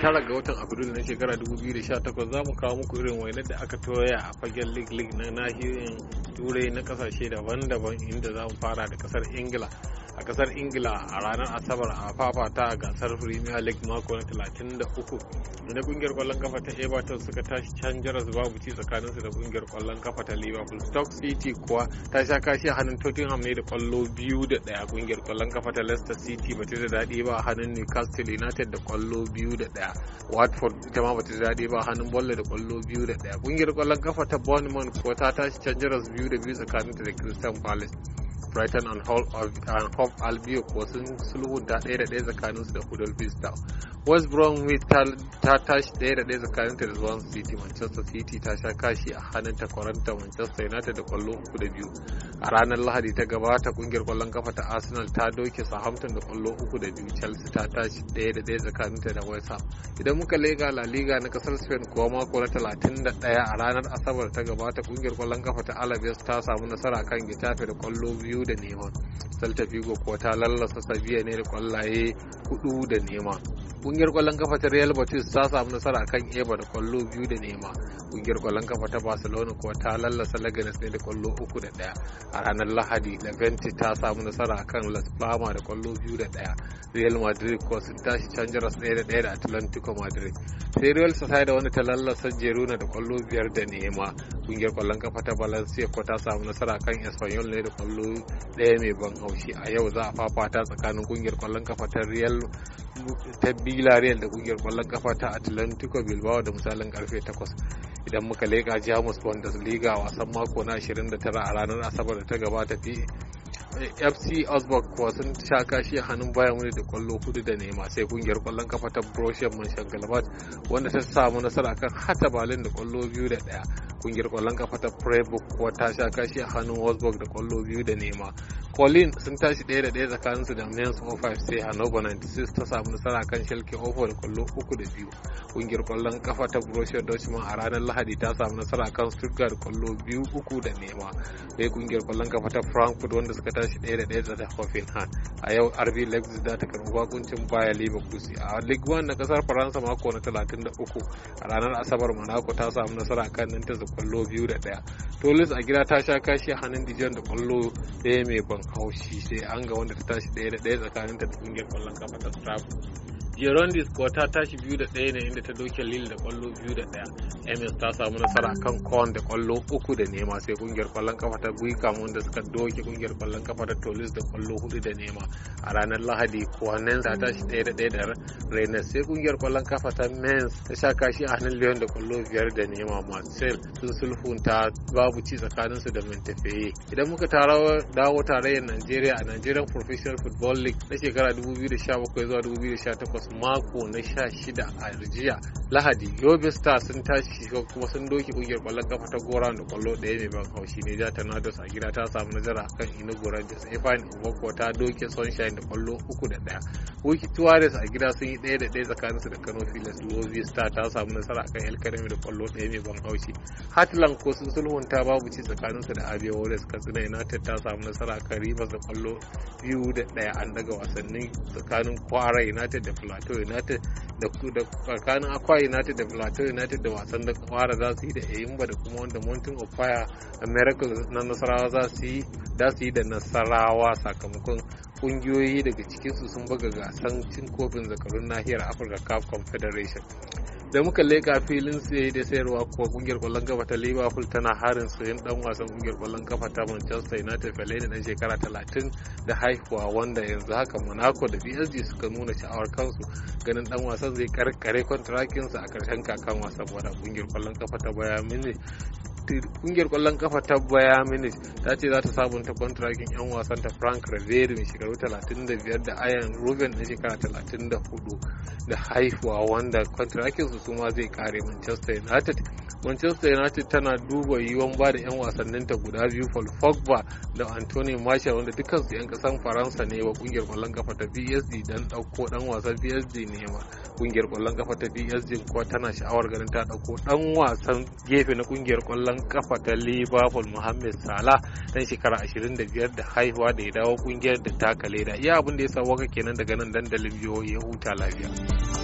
tara ga watan afrilu na shekara 2018 za mu kawo muku irin wainar da aka toya a fagen league league na nahiyoyin turai na kasashe daban-daban inda za mu fara da kasar ingila a kasar ingila a ranar asabar a fafata gasar premier league mako na 33 na kungiyar kwallon kafa ta everton suka tashi can jaras babu ci tsakanin su da kungiyar kwallon kafa ta liverpool stoke city kuwa ta sha kashi a hannun tottenham ne da kwallo biyu da daya kungiyar kwallon kafa ta leicester city ba ta da daɗi ba a hannun newcastle united da kwallo biyu da daya watford ita ma ba ta da daɗi ba a hannun bolle da kwallo biyu da daya kungiyar kwallon kafa ta bournemouth kuwa ta tashi can jaras biyu da biyu ta da crystal palace brighton and hove albion ko sun sulhunta ɗaya da ɗaya tsakanin su da huddersfield vista west bromwich ta tashi ɗaya da ɗaya tsakanin ta da swansea city manchester city ta sha kashi a hannun takwaranta manchester united da kwallo uku da biyu a ranar lahadi ta gabata kungiyar kwallon kafa ta arsenal ta doke southampton da kwallo uku da biyu chelsea ta tashi ɗaya da ɗaya tsakanin ta da west ham idan muka lega la liga na kasar spain kuwa mako na 31 a ranar asabar ta gabata kungiyar kwallon kafa ta alaves ta samu nasara kan getafe da kwallo biyu biyu da neman celta vigo kuwa ta lallasa sabiya ne da kwallaye hudu da neman. kungiyar kwallon kafa ta real batis ta samu nasara kan eba da kwallo biyu da nema kungiyar kwallon kafa ta barcelona kuwa ta lallasa leganes ne da kwallo uku da daya a ranar lahadi levante ta samu nasara kan las palma da kwallo biyu da daya real madrid kuwa sun tashi canjaras ɗaya da daya da atlantico madrid sai real sosai da wani ta lallasa jeruna da kwallo biyar da nema kungiyar kwallon kafa ta valencia kuwa ta samu nasara kan espanyol ne da kwallo daya mai ban haushi a yau za a fafata tsakanin kungiyar kwallon kafa ta real ta Villarreal da kungiyar kwallon kafa ta Atlantico Bilbao da misalin karfe 8 idan muka leƙa Jamus Bundesliga wasan mako na 29 a ranar Asabar da ta gabata FC Osborg kuwa sun sha kashi a hannun bayan wani da kwallo hudu da nema sai kungiyar kwallon kafa ta Borussia Mönchengladbach wanda ta samu nasara kan hata balin da kwallo biyu da daya kungiyar kwallon kafa ta Freiburg kuwa ta sha kashi a hannun Osborg da kwallo biyu da nema Pauline sun tashi ɗaya da ɗaya tsakanin su da Mayans 05 sai Hannover 96 ta samu nasara kan Schalke 04 da kwallo 3 da 2. Kungiyar kwallon kafa ta Borussia Dortmund a ranar Lahadi ta samu nasara kan Stuttgart kwallo 2 3 da nema. Sai kungiyar kwallon kafa ta Frankfurt wanda suka tashi ɗaya da ɗaya da Hoffenheim. A yau RB Leipzig za ta karɓi bakuncin Bayer Leverkusen. A Ligue 1 na kasar Faransa mako na 33 a ranar Asabar Monaco ta samu nasara kan Nantes da kwallo 2 da 1. Toulouse a gida ta sha kashi hannun Dijon da kwallo ɗaya mai ban haushi sai an ga wanda ta tashi ɗaya da ɗaya tsakaninta da ƙungiyar kwallon kafa ta Strasbourg Gerondis kuwa ta tashi biyu da ɗaya ne inda ta doke Lille da kwallo biyu da ɗaya. Emirs ta samu nasara kan Con da kwallo uku da nema sai kungiyar kwallon kafa ta Guicam wanda suka doke kungiyar kwallon kafa ta Tolis da kwallo hudu da nema. A ranar Lahadi Kwanen ta tashi ɗaya da ɗaya da Rennes sai kungiyar kwallon kafa ta Mens ta sha kashi a hannun Lyon da kwallo biyar da nema Marcel sun sulhunta babu ci tsakaninsu da Montpellier. Idan muka tarawa dawo tarayyar nigeria a Nigerian Professional Football League na shekara 2017 zuwa 2018 mako na sha shida a jiya lahadi yobe star sun tashi kuma sun doki kungiyar kwallon kafa ta gora da kwallo daya mai ban haushi ne ja tornadoes a gida ta samu nazara akan inagora rangers efan ubako ta doke sunshine da kwallo uku da ɗaya wiki tuwares a gida sun yi ɗaya da ɗaya tsakaninsu da kano filas yobe star ta samu nasara akan el karami da kwallo daya mai ban haushi hatlan ko sun sulhunta babu ci tsakaninsu da abia warriors katsina united ta samu nasara akan rivers da kwallo biyu da daya an daga wasannin tsakanin kwara united da plateau united da tsakanin akwa united da plateau united da wasan da kwara za su yi da eyimba da kuma wanda mountain of fire america na nasarawa za su yi da su yi da nasarawa sakamakon kungiyoyi daga cikinsu sun buga gasan cin kofin zakarun nahiyar afirka cup confederation da muka leka filin siye da sayarwa kuwa kungiyar kwallon kafa ta liverpool tana harin sayan dan wasan kungiyar kwallon kafa ta manchester united fellaini na shekara 30 da haihuwa wanda yanzu haka monaco da psg suka nuna sha'awar kansu ganin dan wasan zai karkare kontrakinsa a karshen kakan wasan wadda kungiyar kwallon kafa ta bayan mini kungiyar kwallon kafa ta baya minis ta ce za ta sabunta kwantiragin yan wasan ta frank reveri mai shekaru 35 da ayan ruben na shekara 34 da haifuwa wanda kwantirakin su suma zai kare manchester united manchester united tana duba yiwuwan ba da yan wasanninta guda biyu paul pogba da anthony marshall wanda dukansu yan kasan faransa ne wa kungiyar kwallon kafa ta psd dan dauko dan wasan psd nema kungiyar kwallon kafa ta PSG kuwa tana sha'awar ganin ta dauko dan wasan gefe na kungiyar kwallon kafa ta Liverpool Mohamed Salah dan shekara 25 da haihuwa da ya dawo kungiyar da taka leda. Iya abin da ya sa waka kenan daga nan dandalin biyo ya huta lafiya.